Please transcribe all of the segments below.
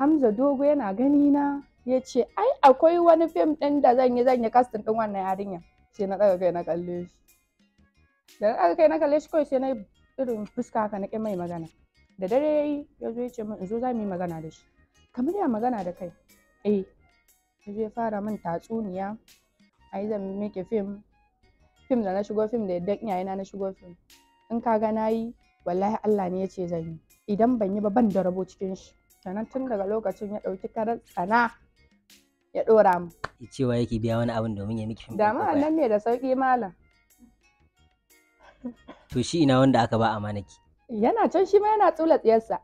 Hamza Dogo yana gani na ya ce ai akwai wani fim ɗin da zan yi zan yi casting ɗin wannan yarinya sai na daga kai na kalle shi da na daga kai na kalle shi kawai sai na yi irin fuska haka na ƙin mai magana da dare ya yi ya zo ya ce min zo za mu yi magana da shi kamar ya magana da kai eh ya zo ya fara min tatsuniya ai zan miƙe fim fim da na shigo fim da yadda iyayena na shigo fim in ka ga na yi wallahi Allah ne ya ce zan yi idan ban yi ba ban da rabo cikin shi sannan tun daga lokacin ya ɗauki karar tsana ya ɗora mu cewa yake biya wani abin domin ya miki fim da ma nan ne da sauƙi malam to shi ina wanda aka ba amanaki yana can shi ma yana tsula tsiyarsa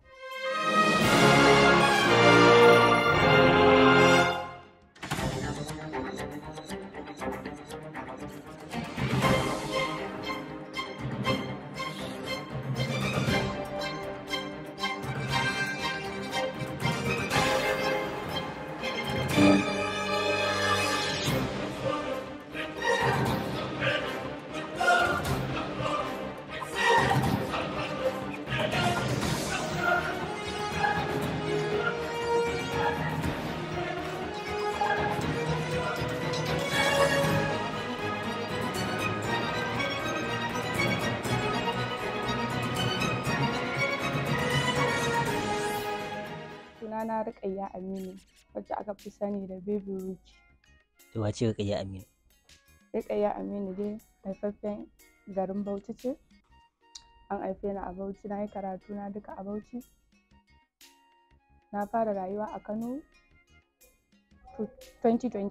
Ruqayya Aminu wacce aka fi sani da Baby Rookie. Da wace Ruqayya Aminu? Ruqayya Aminu dai haifaffen garin Bauchi ce. An haife ni a Bauchi, na yi karatu na duka a Bauchi. Na fara rayuwa a Kano 2020.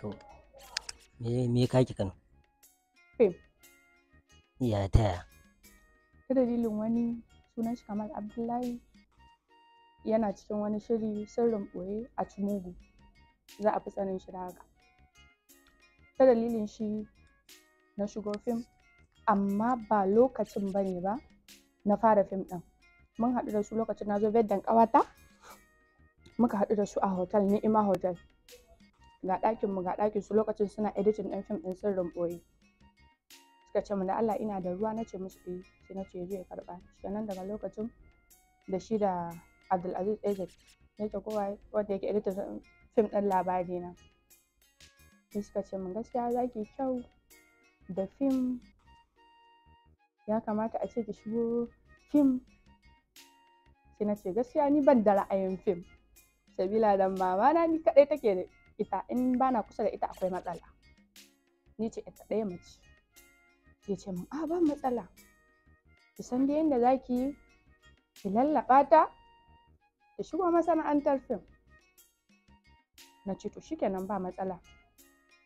To, me me ki Kano? Fim. Ya taya? Ta dalilin wani sunan shi Kamal Abdullahi yana cikin wani shiri sirrin ɓoye a Cimugu za a fi tsanin shi da haka ta dalilin shi na shigo fim amma ba lokacin ba ne ba na fara fim ɗin mun haɗu da su lokacin na zo beddan ƙawata muka haɗu da su a hotel ni'ima hotel ga ɗakin mu ga ɗakin su lokacin suna editin ɗin fim ɗin sirrin ɓoye suka ce da Allah ina da ruwa na ce musu eh sai na ce zai karɓa kenan daga lokacin da shi da Abdulaziz ne ta kowa wanda yake editor fim ɗin labari na sai suka ce min gaskiya za ki kyau da fim ya kamata a ce ki shigo fim sai na ce gaskiya ni ban da ra'ayin fim sabila da mama na ni kaɗai take da ita in bana kusa da ita akwai matsala ni ce ita ɗaya mace ya ce min a ah, ban matsala ki san dai yadda za ki ki lallaɓa ta ta shigo masana'antar fim na ce to shikenan ba matsala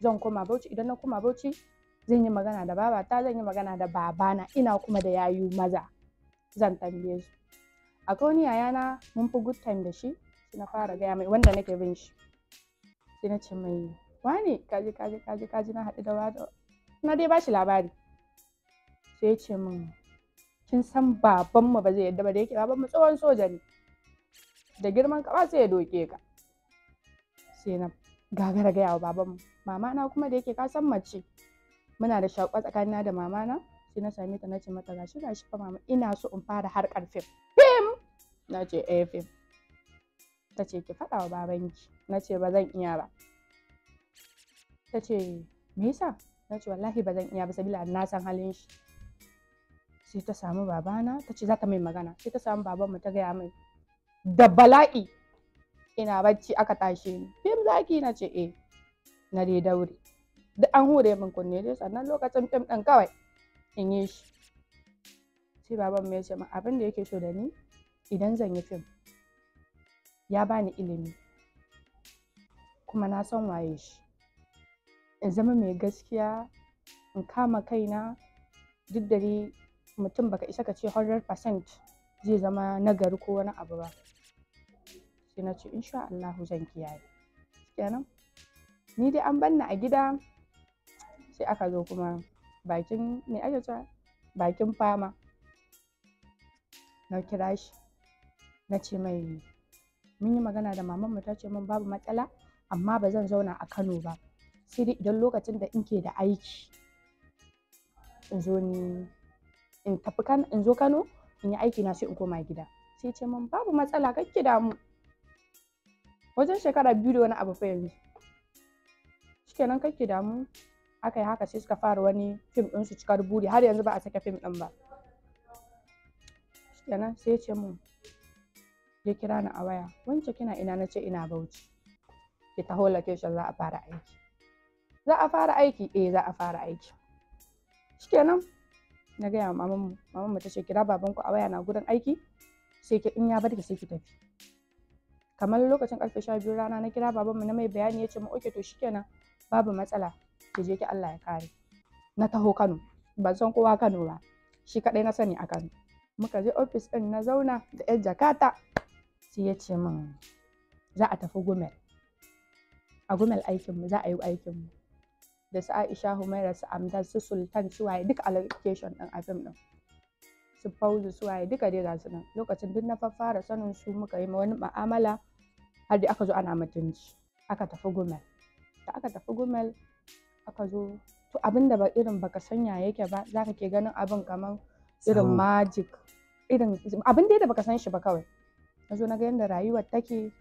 zan koma bauchi idan na koma bauchi zan yi magana da babata zan yi magana da babana ina kuma da yayu maza zan tambaye su akwai wani yayana mun fi good time da shi sai na fara gaya mai wanda nake bin shi sai na ce mai wane kaji kaji kaji kaji na haɗu da wani na dai bashi labari sai ya ce min kin san babanmu ba zai yadda ba da yake babanmu tsohon soja ne da girman ka ba sai ya doke ka sai na gagara gaya wa baban mama na kuma da yake ka san mace muna da shaƙuwa tsakanina da mama na sai na same ta nace mata gashi gashi fa mama ina so in fara harkar fim fim nace eh fim ta ce ki faɗa wa babanki na ce ba zan iya ba ta ce me yasa na ce wallahi ba zan iya ba sabila na san halin shi sai ta samu babana ta ce za ta mai magana sai ta samu babanmu ta gaya mai da bala'i ina bacci aka tashe ni fim zaki na ce eh na dai daure duk an hure min kunne dai sannan lokacin fim din kawai in yi shi sai baban mai ce min abin da yake so da ni idan zan yi fim ya bani ilimi kuma na san waye shi in zama mai gaskiya in kama kaina duk da mutum baka isa ka ce 100% zai zama nagari ko wani abu ba sai na ce insha Allah zan kiyaye kenan ni dai an banna a gida sai aka zo kuma bakin me ake cewa bakin fama na kira shi na ce mai mun yi magana da mamanmu ta ce min babu matsala amma ba zan zauna a Kano ba sai dai idan lokacin da in ke da aiki in zo ni in tafi in zo Kano in yi aiki na sai in koma gida sai ce min babu matsala ki damu wajen shekara biyu da wani abu fa yanzu shikenan ki damu aka yi haka sai suka fara wani fim din su cikar buri har yanzu ba a saka fim din ba shikenan sai ce min ya kira ni a waya wance kina ina na ce ina bauchi ki taho location za a fara aiki za a fara aiki eh za a fara aiki shikenan na gaya wa mamanmu mamanmu ta ce kira babanku a waya na gurin aiki sai ki in ya bar ki sai ki tafi kamar lokacin karfe sha biyu rana na kira babanmu na mai bayani ya ce mu oke to shikenan babu matsala ki je ki Allah ya kare na taho Kano ban san kowa Kano ba shi kadai na sani a Kano muka je ofis din na zauna da yar jakata sai ya ce min za a tafi Gumel a Gumel aikinmu za a yi aikinmu da su Aisha Humaira su Amda su Sultan su waye duk allocation din a din su Fauzu su waye duka dai ga su nan lokacin duk na fara sanin su muka yi wani ma'amala har dai aka zo ana mutunci aka tafi Gumel da aka tafi Gumel aka zo to abin da ba irin baka sanya yake ba zaka ke ganin abin kamar irin magic irin abin dai da baka san shi ba kawai na zo na ga yadda rayuwar take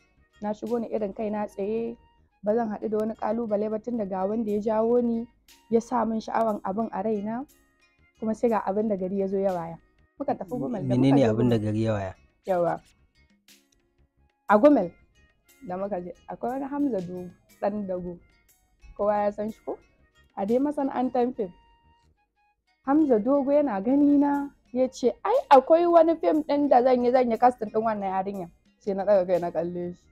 na shigo ne irin kai na tsaye ba zan haɗu da wani ƙalubale ba tun daga wanda ya jawo ni ya sa min sha'awan abin a raina kuma sai ga abin da gari ya zo ya waya muka tafi gumel da menene abin da gari ya waya yawa a gumel da muka je akwai wani hamza du dan dago kowa ya san shi ko a dai masana'antar fim hamza dogo yana gani na ya ce ai akwai wani fim ɗin da zan yi zan yi kastin ɗin wannan yarinya sai na ɗaga kai na kalle shi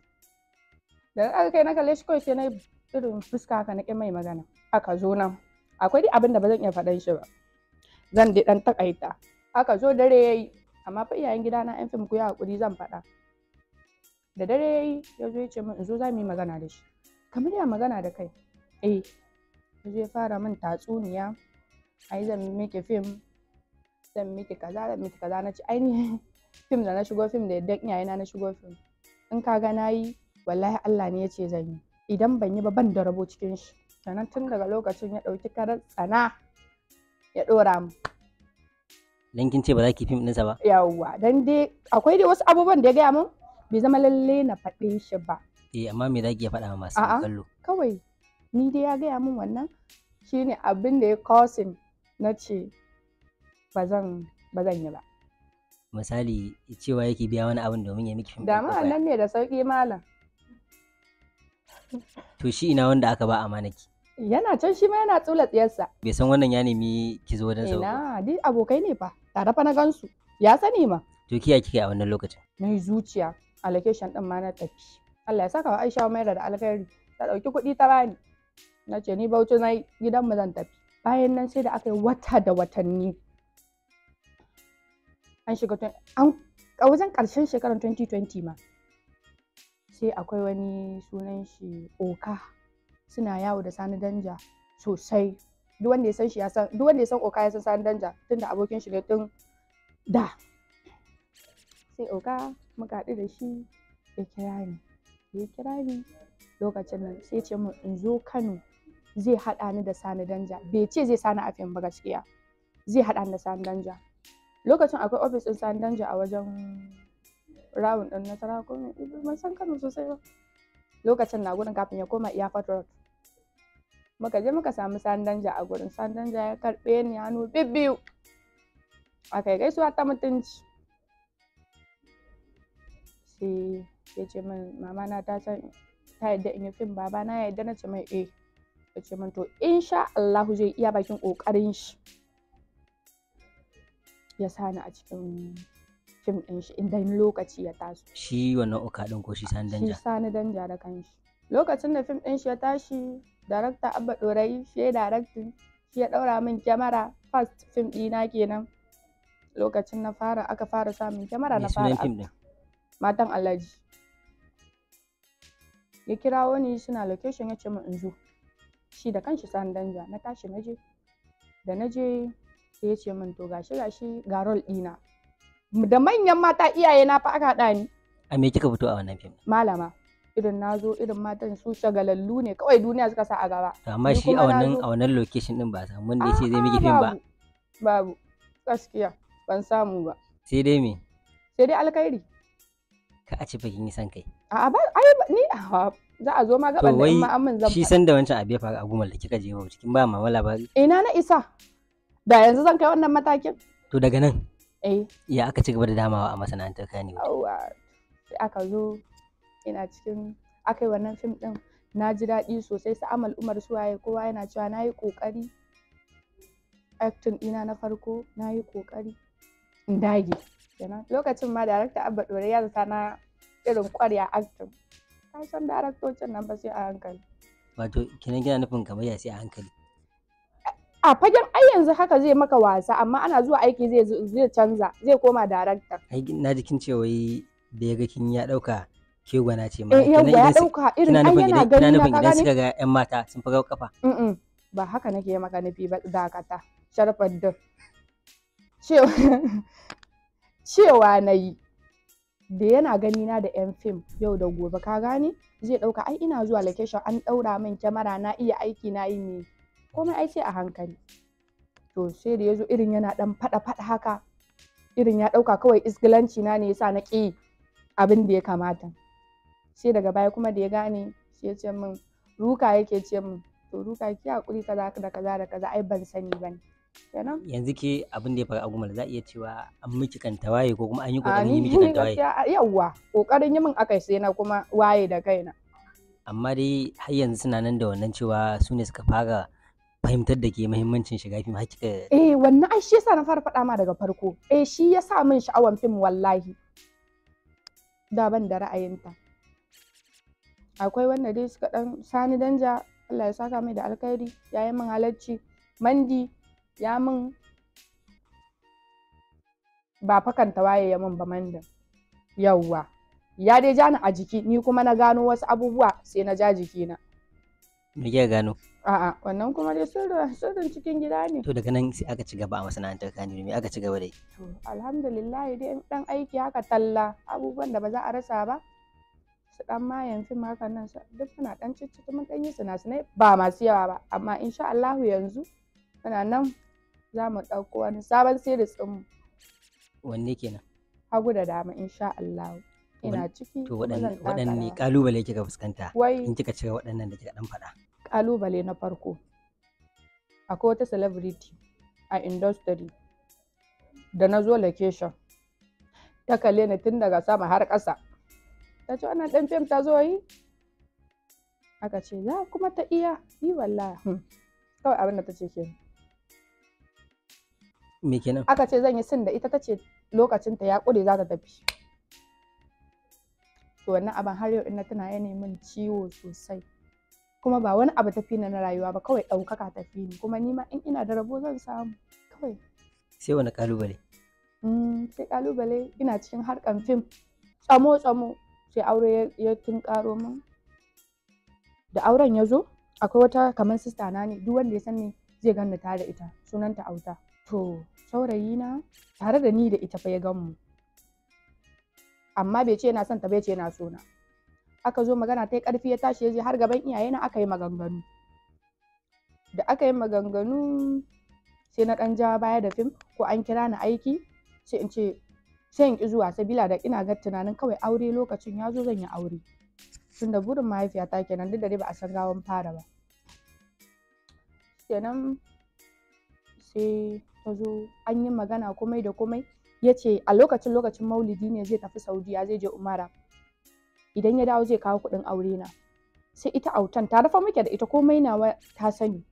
da aka kai na kalle shi kawai sai na irin fuska haka na mai magana aka zo nan akwai dai abin da ba zan iya faɗan shi ba zan dai ɗan takaita aka zo dare yayi amma fa iyayen gida na yan fim ku yi hakuri zan faɗa da dare yayi ya zo ya ce min in zo za mu yi magana da shi kamar ya magana da kai eh ya zo fara min tatsuniya ai zan miki fim zan miki kaza zan miki kaza na ci ainihin fim da na shigo fim da yadda iyayena na shigo fim in ka ga na yi wallahi Allah ne ya ce zan yi idan ban yi ba ban da rabo cikin shi sannan tun daga lokacin ya ɗauki karar tsana ya ɗora mu dan kin ce ba za ki fim ɗinsa ba yawwa dan dai akwai dai wasu abubuwan da ya gaya mun? bai zama lalle na faɗe shi ba eh amma me za ki ya faɗa masu kallo kawai ni dai ya gaya mun wannan shine abin da ya causing na ce ba zan yi ba misali cewa yake biya wani abin domin ya miki fim da ma nan ne da sauki malam to shi ina wanda aka ba amana ki yana can shi ma yana tsula tsiyarsa bai san wannan ya nemi ki zo wajen sau ina duk abokai ne fa tare fa na gansu ya sani ma to kiya kike a wannan lokacin na zuciya allocation din ma na tafi Allah ya saka wa Aisha Maira da alkhairi ta dauki kuɗi ta bani na ce ni bauchi na gidan mu zan tafi bayan nan sai da aka yi wata da watanni an shiga an a wajen ƙarshen shekarar 2020 ma sai akwai wani sunan shi oka suna yawo da sani danja sosai duk wanda ya san shi ya san duk wanda ya san oka ya san sani danja tunda abokin shi ne tun da sai oka muka haɗu da shi ya kira ni ya kira ni lokacin nan sai ce min in zo Kano zai haɗa ni da sani danja bai ce zai sani afiyan ba gaskiya zai haɗa ni da sani danja lokacin akwai ofis ɗin sani danja a wajen rawun ɗin na tara ko mai eh, ban san Kano sosai ba lokacin na gurin kafin ya koma iya fatura. muka je muka samu sandanja a gurin sandanja ya karɓe ni hannu bibbiyu aka gaisuwa ta mutunci sai ya ce min mama na ta san ta yadda in yi fim baba na yadda na ce mai eh ya ce min to insha Allahu zai iya bakin kokarin shi ya sani a cikin fim ɗin shi idan lokaci ya taso shi wannan uka ɗin ko shi sani danja shi sani danja da shi. lokacin da fim ɗin shi ya tashi darakta abba ɗorayi shi ya darakta, shi ya ɗaura min kyamara fas fim ɗina kenan lokacin na fara aka fara samun kyamara na fara matan alhaji ya kira ni suna location ya ce min in zo shi da kanshi sani danja na tashi na je da na je sai ya ce min to gashi gashi ga rol ɗina da manyan mata iyaye na fa aka haɗa ni. A me kika fito a wannan fim? Malama. Irin na zo irin matan su shagalallu ne kawai duniya suka sa a gaba. Amma shi a wannan a wannan location din ba samu wanda yace zai miki fim ba. Babu. Gaskiya ban samu ba. Sai dai me? Sai dai alkhairi. Ka a ci bakin yi san kai. A'a ba ai ni a za a zo ma gaban da ma amin zan. Shi san da wancan abiya fa a gumal da kika je ba cikin ba ma ba. Ina na isa. Da yanzu zan kai wannan matakin. To daga nan. Eh. ya aka ci gaba da damawa a masana'antar kani sai aka zo ina cikin aka yi wannan fim din na ji daɗi sosai su amal umar suwaye kowa yana cewa na yi ƙoƙari acting ɗina na farko na yi ƙoƙari in dage lokacin ma director abba ɗore ya zata na irin ƙwarya acting ka san daraktocin nan ba sai a hankali wato kinan gina nufin kamar ya sai a hankali a fagen ai yanzu haka zai maka wasa amma ana zuwa aiki zai zai canza zai koma director ai na jikin ce wai da ya ga kin ya dauka ke gwana ce ma eh, Kina ya dauka irin ai yana gani na nufin idan suka ga yan mata sun faga kafa ba haka nake maka nufi ba dakata sharfar da cewa na yi da yana gani na da yan fim yau da gobe ka gane zai dauka ai ina zuwa location an daura min kyamara na iya aiki na yi ne komai ai sai a hankali to sai da zo irin yana dan fada fada haka irin ya dauka kawai isgilanci na ne yasa na ƙi abin da ya kamata sai daga baya kuma da ya gane sai ya ce min ruka yake ce min to ruka ki hakuri kaza da kaza da kaza ai ban sani ba kenan yanzu ke abin da ya faru a gumal za iya cewa an miki kan tawaye ko kuma an yi kokarin yi miki kan tawaye yawwa kokarin yi min akai sai na kuma waye da kaina amma dai har yanzu suna nan da wannan cewa su ne suka fara fahimtar da ke mahimmancin shiga fim har eh wannan ai shi yasa na fara faɗa ma daga farko eh shi yasa min sha'awan fim wallahi da ban da ra'ayinta akwai wanda dai suka dan sani danja Allah ya saka mai da alkhairi ya yi min halarci mandi ya min ba fakanta waye ya min ba mandin yawwa ya dai jani a jiki ni kuma na gano wasu abubuwa sai na ja jiki na me gano A'a, wannan kuma dai sirrin sirrin cikin gida ne. To daga nan sai aka ci gaba a masana'antar Kano me aka ci gaba dai? To alhamdulillah dai dan aiki haka talla abubuwan da ba za a rasa ba. Su dan yanzu ma haka nan duk suna dan cicciki mun dan yi suna sinasinai ba masu yawa ba amma insha Allah yanzu muna nan za mu ɗauko wani sabon series din mu. Wanne kenan? Hagu da dama insha Allah. Ina ciki. To waɗanne ƙalubale kika fuskanta? Wai. In kika cewa waɗannan da kika ɗan faɗa. ƙalubale na farko akwai wata celebrity a industry da na zo location ta kalle ni tun daga sama har ƙasa ta ce wannan ɗan fim ta zo yi aka ce za kuma ta iya yi walla hmm. kawai abin da ta ce ke me kenan aka ce zan yi sin da ita ta ce lokacin ta ya ƙure za ta tafi to wannan abin har yau ina tana yanayin min ciwo sosai kuma ba wani abu tafi na na rayuwa ba kawai ɗaukaka tafi ni kuma ni ma in ina da rabo zan samu kawai sai wani kalubale mm, sai kalubale ina cikin harkan fim tsamo tsamo sai aure ya tun karo min da auren ya zo akwai wata kamar sista na ne duk wanda ya san ni zai ganni tare da ita sunanta auta to saurayi na tare da ni da ita fa ya gan mu amma bai ce yana son ta bai ce yana so na aka zo magana ta karfi ya tashi ya je har gaban iyaye na aka yi maganganu da aka yi maganganu sai na ɗan jawa baya da fim ko an kira ni aiki sai in ce sai in ki zuwa sabila da ina ga tunanin kawai aure lokacin ya zo zan yi aure Tun da burin mahaifiyata kenan duk da dai ba a san gawan fara ba kenan sai ta zo an yi magana komai da komai ya ce a lokacin lokacin maulidi ne zai tafi saudiya zai je umara idan ya dawo zai kawo kuɗin aure na sai ita autan ta dafa muke da ita komai nawa ta sani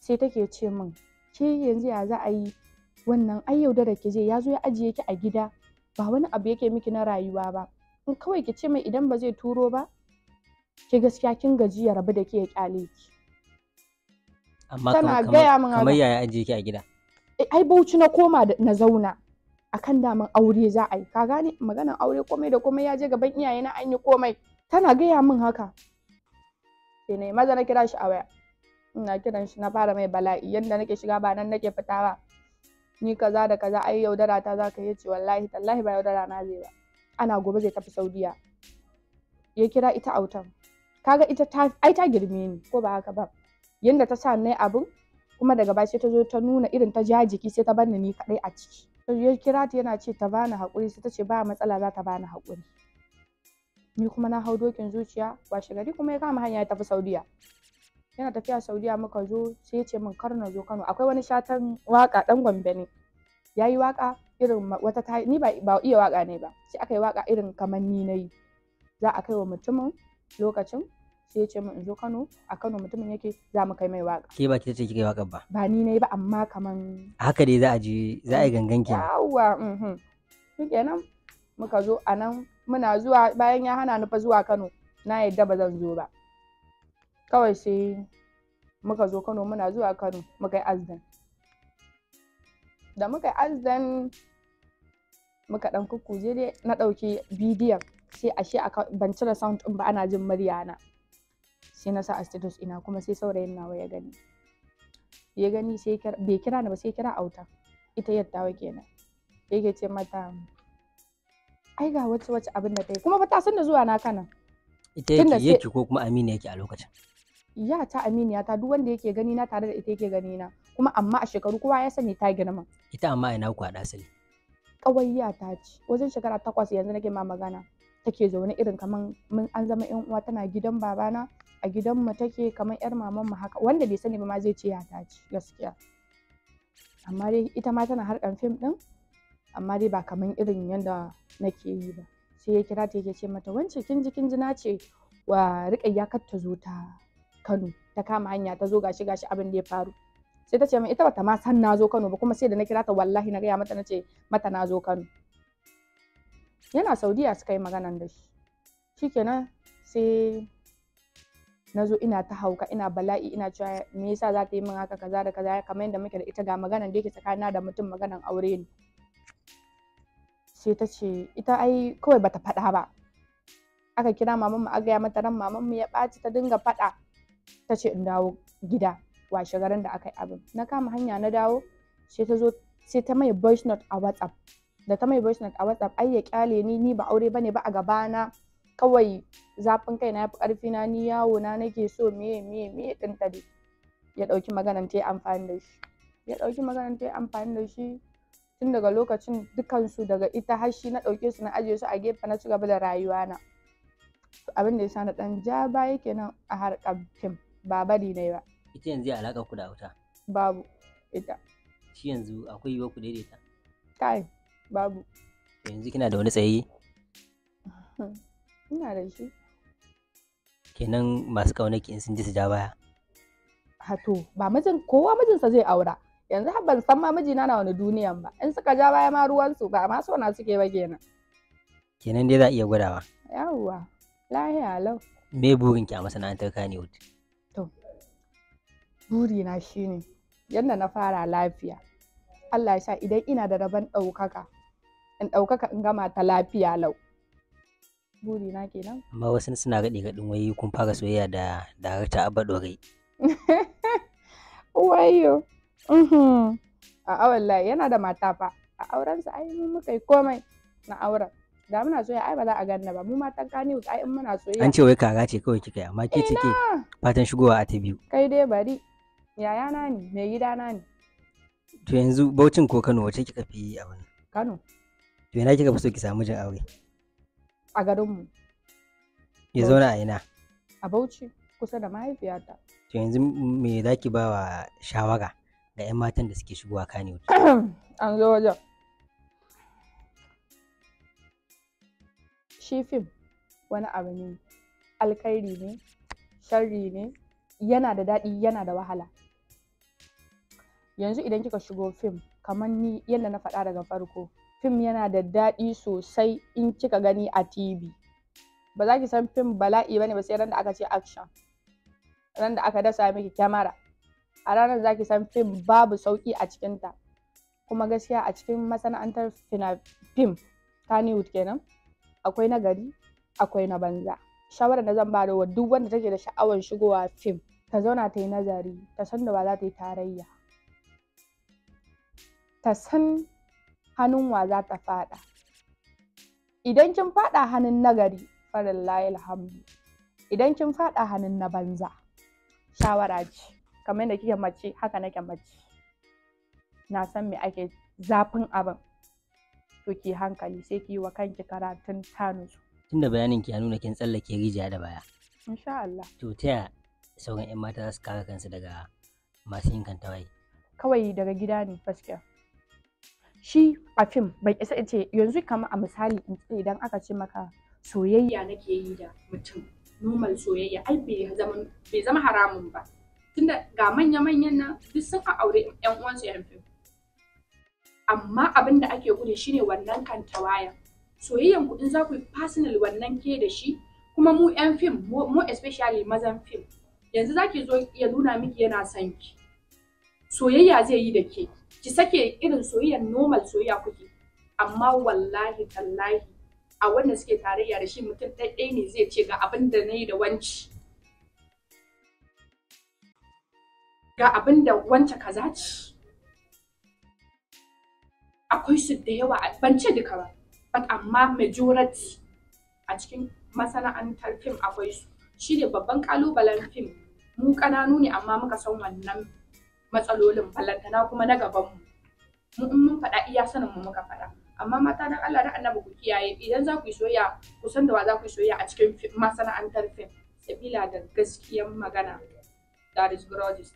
sai take ce min ke yanzu ya za a yi wannan ai yaudara ki zai ya zo ya ajiye ki a gida ba wani abu yake miki na rayuwa ba in kawai ki ce mai idan ba zai turo ba ki gaskiya kin gaji ya rabu da ke ya kyale ki amma kamar yaya ajiye ki a gida eh, ai bauchi na koma na zauna akan daman aure za a yi ka gane maganan aure komai da komai ya je gaban iyaye na an yi komai tana gaya min haka sai na maza na kira shi a waya ina kiran shi na fara mai bala'i yanda nake shiga ba nan nake fita ba ni kaza da kaza ai yaudara ta za ka yi ce wallahi tallahi ba yaudara na zai ba ana gobe zai tafi saudiya ya kira ita autan kaga ita ta ai ta girme ni ko ba haka ba yanda ta sa nai abin kuma daga baya sai ta zo ta nuna irin ta jajiki jiki sai ta banna ni kadai a ciki ya kira ta yana ce ta bani haƙuri sai ta ce ba matsala za ta bani haƙuri ni kuma na hau dokin zuciya washe gari kuma ya kama hanya ya tafi saudiya yana tafiya saudiya muka zo sai ya ce min kar na zo kano akwai wani shatan waka dan gombe ne ya yi waka irin wata ta ni ba, ba iya waka ne ba sai aka yi waka irin kamar ni na yi za a kai wa mutumin lokacin sai ya ce min in zo Kano a Kano mutumin yake za mu kai mai waka ke ba ki ce kike waka ba ba ni nayi ba amma kaman haka dai za a je za a yi gangan kenan yawa mhm shikenan muka zo a nan muna zuwa bayan ya hana ni fa zuwa Kano na yadda ba zan zo ba kawai sai muka zo Kano muna zuwa Kano muka yi azdan da muka yi azdan muka dan kukkuje dai na ɗauki bidiyon sai ashe ban cire sound ɗin ba ana jin murya na sai na sa a status ina kuma sai saurayin nawa ya gani ya gani sai bai kira ni ba sai kira auta ita yadda wa kenan yake ce mata ai ga wacce wacce abin da ta yi kuma ba ta san da zuwa na kana ita yake yake ko kuma amina yake a lokacin ya ta aminiya ta duk wanda yake gani na tare da ita yake gani na kuma amma a shekaru kowa ya sani ta girma ita amma ina ku haɗa asali ƙawayya ta ce wajen shekara takwas yanzu nake ma magana take zaune irin kaman mun an zama yan uwa tana gidan babana a gidan mu take kamar yar mu haka wanda bai sani ba ma zai ce ya ta ci gaskiya amma dai ita ma tana harkan fim din amma dai ba kamar irin yadda nake yi ba sai ya kira ta yake ce mata wance kin ji kin ji na ce wa riƙayya kar ta zo ta Kano ta kama hanya ta zo gashi gashi abin da ya faru sai ta ce min ita bata ma san na zo Kano ba kuma sai da na kira ta wallahi na gaya mata na ce mata na zo Kano yana Saudiya suka yi maganan da shi shikenan sai na zo ina ta hauka ina bala'i ina cewa me yasa za ta yi min haka kaza da kaza kamar yadda muke da ita ga magana da yake tsakanina da mutum maganan aure ne sai ta ce ita ai kawai bata faɗa ba aka kira mamanmu a gaya mata ran mu ya ɓaci ta dinga faɗa ta ce in dawo gida washe garin da aka yi abin na kama hanya na dawo sai ta zo sai ta mai voice note a whatsapp da ta mai voice note a whatsapp ai ya kyale ni ni ba aure bane ba a gabana kawai zafin kai na yafi ƙarfi na ni yawo na nake so meye meye meye ɗin ta ya ɗauki maganan yi amfani da shi ya ɗauki maganan yi amfani da shi tun daga lokacin dukansu daga ita har shi na ɗauke su na ajiye su a gefe na cigaba da rayuwa na abin da ya sha na ɗan ja baya kenan a harkar fim ba bari na ba ita yanzu alaƙa ku da wuta babu ita shi yanzu akwai yiwuwar ku daidaita kai babu yanzu kina da wani tsaye ina da shi kenan masu kauna ki sun ji su ja baya hato ba mijin kowa mijinsa zai aura yanzu ban san ma mijina na wani duniyan ba in suka ja baya ma ruwansu ba ma na suke ba kenan kenan dai za a iya gwadawa yawwa lahiya lau me burin ki a masana'antar kaniwood to burina shine yadda na fara lafiya Allah ya sha idan ina da rabon ɗaukaka in ɗaukaka in gama ta lafiya lau burina kenan amma wasu suna gaɗe gaɗin wai kun fara soyayya da darakta abba dorai wayo a awalla yana da mata fa a aurensa ai mun muka yi komai na auren da muna soyayya ai ba za a ganna ba mu matan kani wuta ai muna soyayya an ce wai kara ce kawai kika amma ke ce ke fatan shigowa a ta biyu kai dai bari Yaya na ne mai gida na ne to yanzu Bauchin ko Kano wace kika fi abin Kano to yana kika fi so ki samu jin aure a garinmu ya zauna a ina a bauchi kusa da mahaifiyata to yanzu me za ki ba wa shawara ga 'yan matan da suke shigowa kane an zo wajen shi fim wani abu ne alkhairi ne sharri ne yana da daɗi yana da wahala yanzu idan kika shigo fim kamar ni yadda na faɗa daga farko fim yana da daɗi sosai in kika gani a TV. Ba za ki san fim bala'i ba ne ba sai ran da aka ce action. Ran da aka dasa miki kyamara. A ranar za ki san fim babu sauƙi a cikinta. Kuma gaskiya a cikin masana'antar fim Newt kenan. Akwai na gari, akwai na banza. Shawarar da zan ba da duk wanda take da sha'awar shigowa fim ta zauna ta yi nazari ta san da ba za ta yi tarayya. Ta san hannun wa za ta faɗa idan kin faɗa hannun nagari farin layil hamdu idan kin faɗa hannun na banza shawara ce kamar da kike mace haka nake mace na san me ake zafin abin to ki hankali sai ki yi wa kanki karatun tanusu tunda bayanin ki ya nuna kin tsallake rijiya da baya insha Allah to ta sauran 'yan mata za su kare kansu daga masu yin kantawai? kawai daga gida ne gaskiya shi a fim bai isa in ce yanzu kamar a misali in ce idan aka ce maka soyayya nake yi da mutum normal soyayya ai bai zama haramun ba tunda ga manya-manyan nan duk sun a aure yan uwansu yan fim amma abin da ake gudu shine wannan kan tawaya soyayyan ku in za ku personal wannan ke da shi kuma mu yan fim mu especially mazan fim yanzu zaki zo ya nuna miki yana son ki soyayya zai yi da ke ki sake irin soyayyar normal soyayya kuke amma wallahi tallahi a wanda suke tarayya da shi mutum ɗaya ne zai ce ga abin da na yi da wanci ga abin da wance kaza ce akwai su da yawa ban ce duka ba but amma majority a cikin masana'antar fim akwai su shi ne babban kalubalen fim mu ƙananu ne amma muka san wannan matsalolin ballantana kuma na gaban mu mu in mun faɗa iya sanin mu muka faɗa amma mata dan Allah dan Annabi ku kiyaye idan za ku yi soyayya ku san da wa za ku yi soyayya a cikin masana'antar fim sabila da gaskiyar magana that is gorgeous